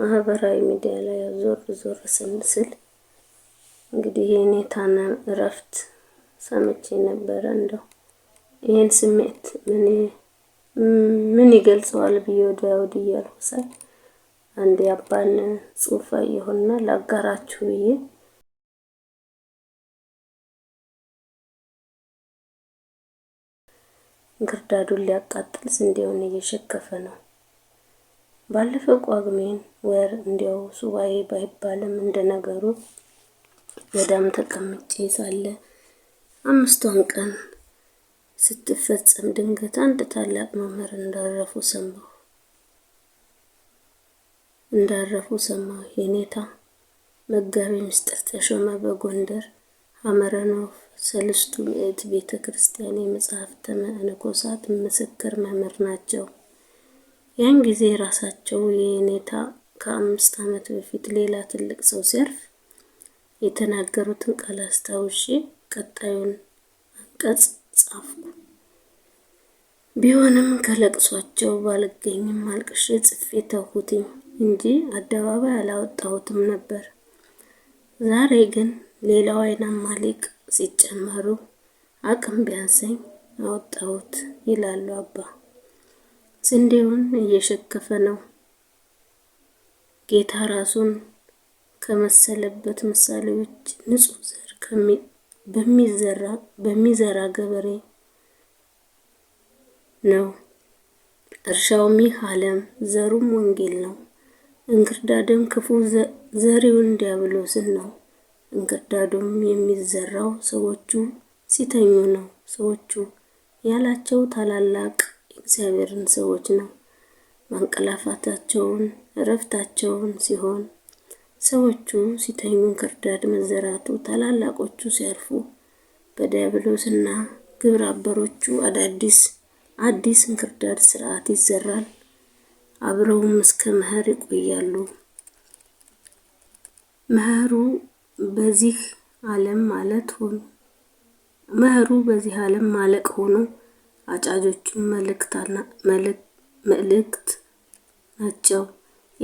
ማህበራዊ ሚዲያ ላይ ዞር ዞር ስንስል እንግዲህ የኔታን እረፍት ሰምቼ ነበረ። እንደው ይህን ስሜት ምን ይገልጸዋል ብዬ ወዲያ ወዲህ እያልኩ ሳይ አንድ ያባን ጽሑፍ አየሁና ላጋራችሁ ብዬ ግርዳዱን ሊያቃጥል ስንዴውን እየሸከፈ ነው። ባለፈው ቋግሜን ወር እንዲያው ሱባኤ ባይባልም እንደነገሩ ነገሩ ገዳም ተቀምጬ ሳለ አምስቷን ቀን ስትፈጸም ድንገት አንድ ታላቅ መምህር እንዳረፉ ሰማሁ እንዳረፉ ሰማሁ። የኔታ መጋቢ ምስጢር ተሾመ በጎንደር አመረኖፍ ሰልስቱ ሰለስቱ ምዕት ቤተ ክርስቲያን የመጽሐፍተ መነኮሳት ምስክር መምህር ናቸው። ያን ጊዜ ራሳቸው የኔታ ከአምስት ዓመት በፊት ሌላ ትልቅ ሰው ሲያርፍ የተናገሩትን ቃል አስታውሼ ቀጣዩን አንቀጽ ጻፍኩ። ቢሆንም ከለቅሷቸው ባልገኝም አልቅሼ ጽፌ ተውኩትኝ እንጂ አደባባይ አላወጣሁትም ነበር። ዛሬ ግን ሌላው አይናማ ሊቅ ሲጨመሩ አቅም ቢያንሰኝ አወጣሁት ይላሉ አባ ስንዴውን እየሸከፈ ነው። ጌታ ራሱን ከመሰለበት ምሳሌዎች ንጹህ ዘር በሚዘራ ገበሬ ነው። እርሻውም ይህ ዓለም ዘሩም ወንጌል ነው። እንክርዳድም ክፉ ዘሪውን ዲያብሎስን ነው። እንክርዳዱም የሚዘራው ሰዎቹ ሲተኙ ነው። ሰዎቹ ያላቸው ታላላቅ እግዚአብሔርን ሰዎች ነው። ማንቀላፋታቸውን እረፍታቸውን ሲሆን ሰዎቹ ሲተኙ እንክርዳድ መዘራቱ፣ ታላላቆቹ ሲያርፉ በዲያብሎስና ግብረ አበሮቹ አዳዲስ አዲስ እንክርዳድ ስርዓት ይዘራል። አብረውም እስከ መኸር ይቆያሉ። መኸሩ በዚህ ዓለም ማለት ሆኖ መኸሩ በዚህ ዓለም ማለቅ ሆኖ አጫጆቹም መልእክት ናቸው።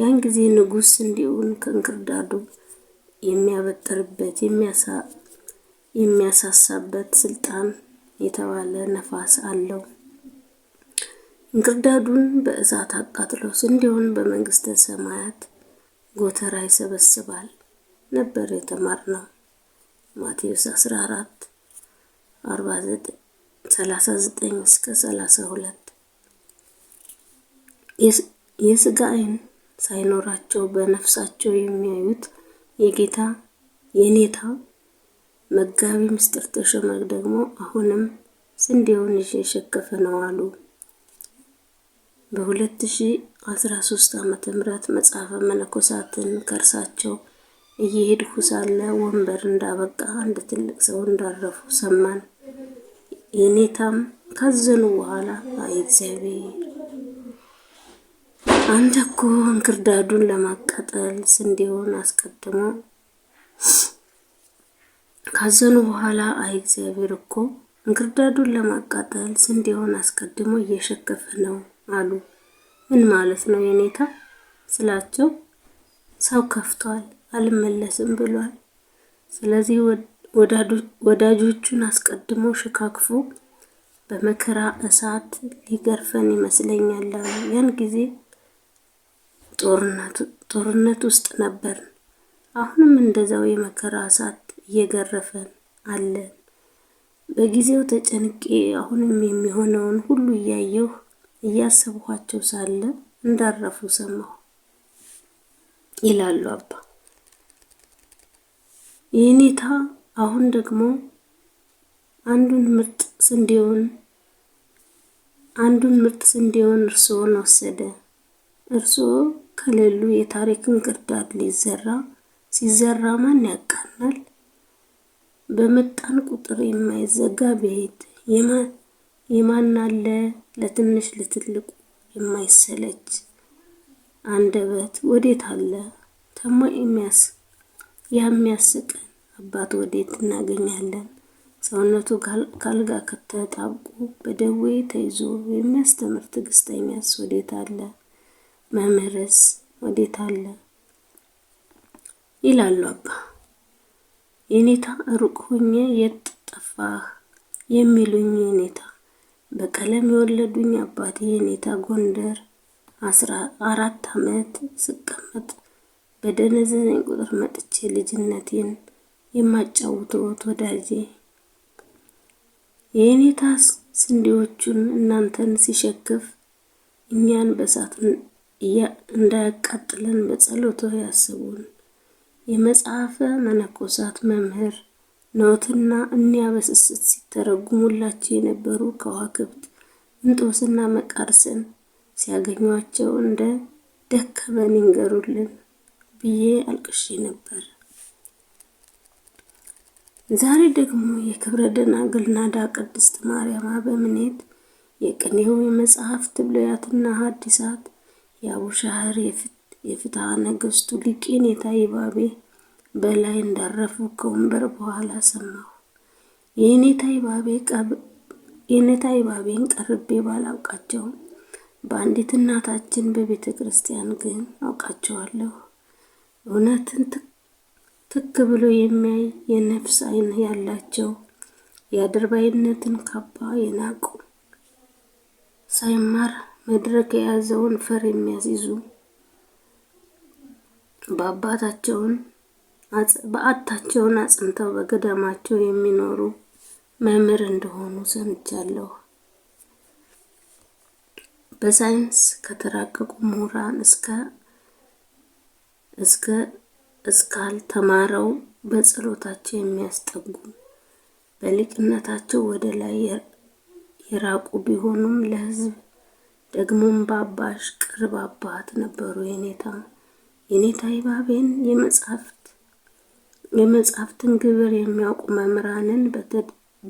ያን ጊዜ ንጉሥ እንዲሁን ከእንክርዳዱ የሚያበጥርበት የሚያሳሳበት ስልጣን የተባለ ነፋስ አለው። እንክርዳዱን በእሳት አቃጥሎ ስንዴውን በመንግስተ ሰማያት ጎተራ ይሰበስባል ነበር የተማርነው። ማቴዎስ 14 49 39 እስከ 32 የስጋ አይን ሳይኖራቸው በነፍሳቸው የሚያዩት የጌታ የኔታ መጋቢ ምስጢር ተሾመ ደግሞ አሁንም ስንዴውን የሸከፈ ነው አሉ። በ2013 ዓመተ ምህረት መጽሐፈ መነኮሳትን ከእርሳቸው እየሄድኩ ሳለ ወንበር እንዳበቃ አንድ ትልቅ ሰው እንዳረፉ ሰማን። የኔታም ካዘኑ በኋላ አይ እግዚአብሔር አንተ እኮ እንክርዳዱን ለማቃጠል ስንዴውን አስቀድሞ ካዘኑ በኋላ አይ እግዚአብሔር እኮ እንክርዳዱን ለማቃጠል ስንዴውን አስቀድሞ እየሸከፈ ነው አሉ። ምን ማለት ነው የኔታ ስላቸው ሰው ከፍቷል፣ አልመለስም ብሏል። ስለዚህ ወዳጆቹን አስቀድሞ ሸካክፎ በመከራ እሳት ሊገርፈን ይመስለኛል። ያን ጊዜ ጦርነት ውስጥ ነበር። አሁንም እንደዛው የመከራ እሳት እየገረፈን አለን። በጊዜው ተጨንቄ አሁንም የሚሆነውን ሁሉ እያየሁ እያሰብኋቸው ሳለ እንዳረፉ ሰማሁ ይላሉ አባ ይህኔታ! አሁን ደግሞ አንዱን ምርጥ ስንዴውን አንዱን ምርጥ ስንዴውን እርስዎን ወሰደ። እርስዎ ከሌሉ የታሪክን ግርዳድ ሊዘራ ሲዘራ ማን ያቃናል? በመጣን ቁጥር የማይዘጋ ቤት የማን አለ? ለትንሽ ለትልቁ የማይሰለች አንደበት ወዴት አለ? ተማ የሚያስ የሚያስቀን አባት ወዴት እናገኛለን? ሰውነቱ ካልጋ ከተጣብቆ በደዌ ተይዞ የሚያስተምር ትዕግስተኛስ ወዴት አለ? መምህርስ ወዴት አለ? ይላሉ አባ የኔታ ሩቅ ሆኜ የት ጠፋህ የሚሉኝ የኔታ በቀለም የወለዱኝ አባት የኔታ ጎንደር አስራ አራት አመት ስቀመጥ በደነዘነኝ ቁጥር መጥቼ ልጅነቴን የማጫውተዎት ወዳጄ ታስ ስንዴዎቹን እናንተን ሲሸክፍ እኛን በሳት እንዳያቃጥለን በጸሎቶ ያስቡን። የመጽሐፈ መነኮሳት መምህር ነዎትና እኒያ በስስት ሲተረጉሙላቸው የነበሩ ከዋክብት እንጦስና መቃርስን ሲያገኟቸው እንደ ደከመን ይንገሩልን ብዬ አልቅሼ ነበር። ዛሬ ደግሞ የክብረ ደናግል ናዳ ቅድስት ማርያም አበምኔት የቅኔው የመጽሐፍት ብሉያትና ሐዲሳት የአቡሻህር የፍትሐ ነገሥቱ ሊቄኔታ ይባቤ በላይ እንዳረፉ ከወንበር በኋላ ሰማሁ። የኔታ ይባቤን ቀርቤ ባላውቃቸው በአንዲት እናታችን በቤተ ክርስቲያን ግን አውቃቸዋለሁ። እውነትን ትክ ብሎ የሚያይ የነፍስ አይን ያላቸው የአድርባይነትን ካባ የናቁ ሳይማር መድረክ የያዘውን ፈር የሚያስይዙ በአባታቸውን በአታቸውን አጽንተው በገዳማቸው የሚኖሩ መምህር እንደሆኑ ሰምቻለሁ። በሳይንስ ከተራቀቁ ምሁራን እስከ እስከ እስካልተማረው በጸሎታቸው የሚያስጠጉ በሊቅነታቸው ወደ ላይ የራቁ ቢሆኑም ለሕዝብ ደግሞም በአባሽ ቅርብ አባት ነበሩ። የኔታ የኔታ ይባቤን የመጽሐፍትን ግብር የሚያውቁ መምህራንን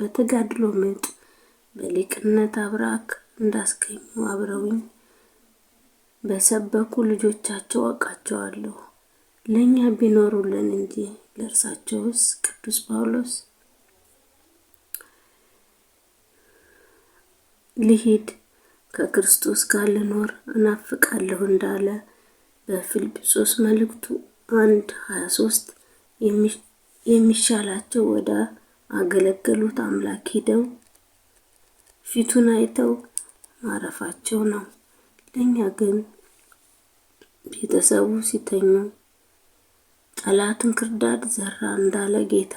በተጋድሎ ምጥ በሊቅነት አብራክ እንዳስገኙ አብረውኝ በሰበኩ ልጆቻቸው አውቃቸዋለሁ። ለእኛ ቢኖሩልን እንጂ ለእርሳቸውስ ቅዱስ ጳውሎስ ልሂድ ከክርስቶስ ጋር ልኖር እናፍቃለሁ እንዳለ በፊልጵሶስ መልእክቱ አንድ 23 የሚሻላቸው ወደ አገለገሉት አምላክ ሂደው ፊቱን አይተው ማረፋቸው ነው። ለእኛ ግን ቤተሰቡ ሲተኙ ጠላትን ክርዳድ ዘራ እንዳለ ጌታ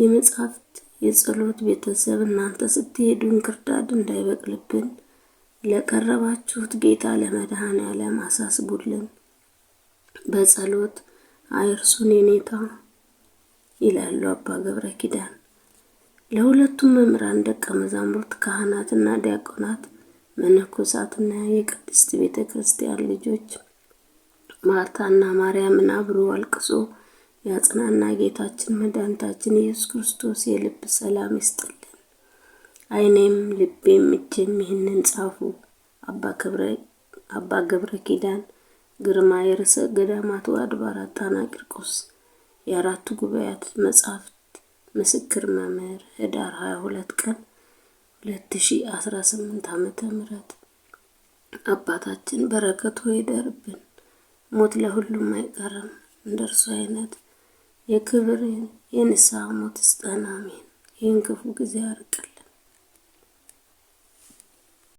የመጻሕፍት የጸሎት ቤተሰብ እናንተ ስትሄዱ እንክርዳድ እንዳይበቅልብን ለቀረባችሁት ጌታ ለመድኃኔ ዓለም አሳስቡልን፣ በጸሎት አይርሱን የኔታ ይላሉ አባ ገብረ ኪዳን። ለሁለቱም መምህራን ደቀ መዛሙርት ካህናትና ዲያቆናት መነኮሳትና የቅድስት ቤተ ክርስቲያን ልጆች ማርታና ማርያምን አብሮ አልቅሶ ያጽናና ጌታችን መድኃኒታችን ኢየሱስ ክርስቶስ የልብ ሰላም ይስጥልን። አይኔም ልቤም እጄም ይህንን ጻፉ። አባ ገብረ ኪዳን ግርማ የርዕሰ ገዳማቱ አድባራት ጣና ቂርቆስ የአራቱ ጉባኤያት መጻሕፍት ምስክር መምህር ህዳር 22 ቀን 2018 ዓ.ም አባታችን በረከቱ ይደርብን። ሞት ለሁሉም አይቀርም። እንደ እርሱ አይነት የክብር የንስሐ ሞት ስጠን። አሜን። ይህን ክፉ ጊዜ ያርቅል።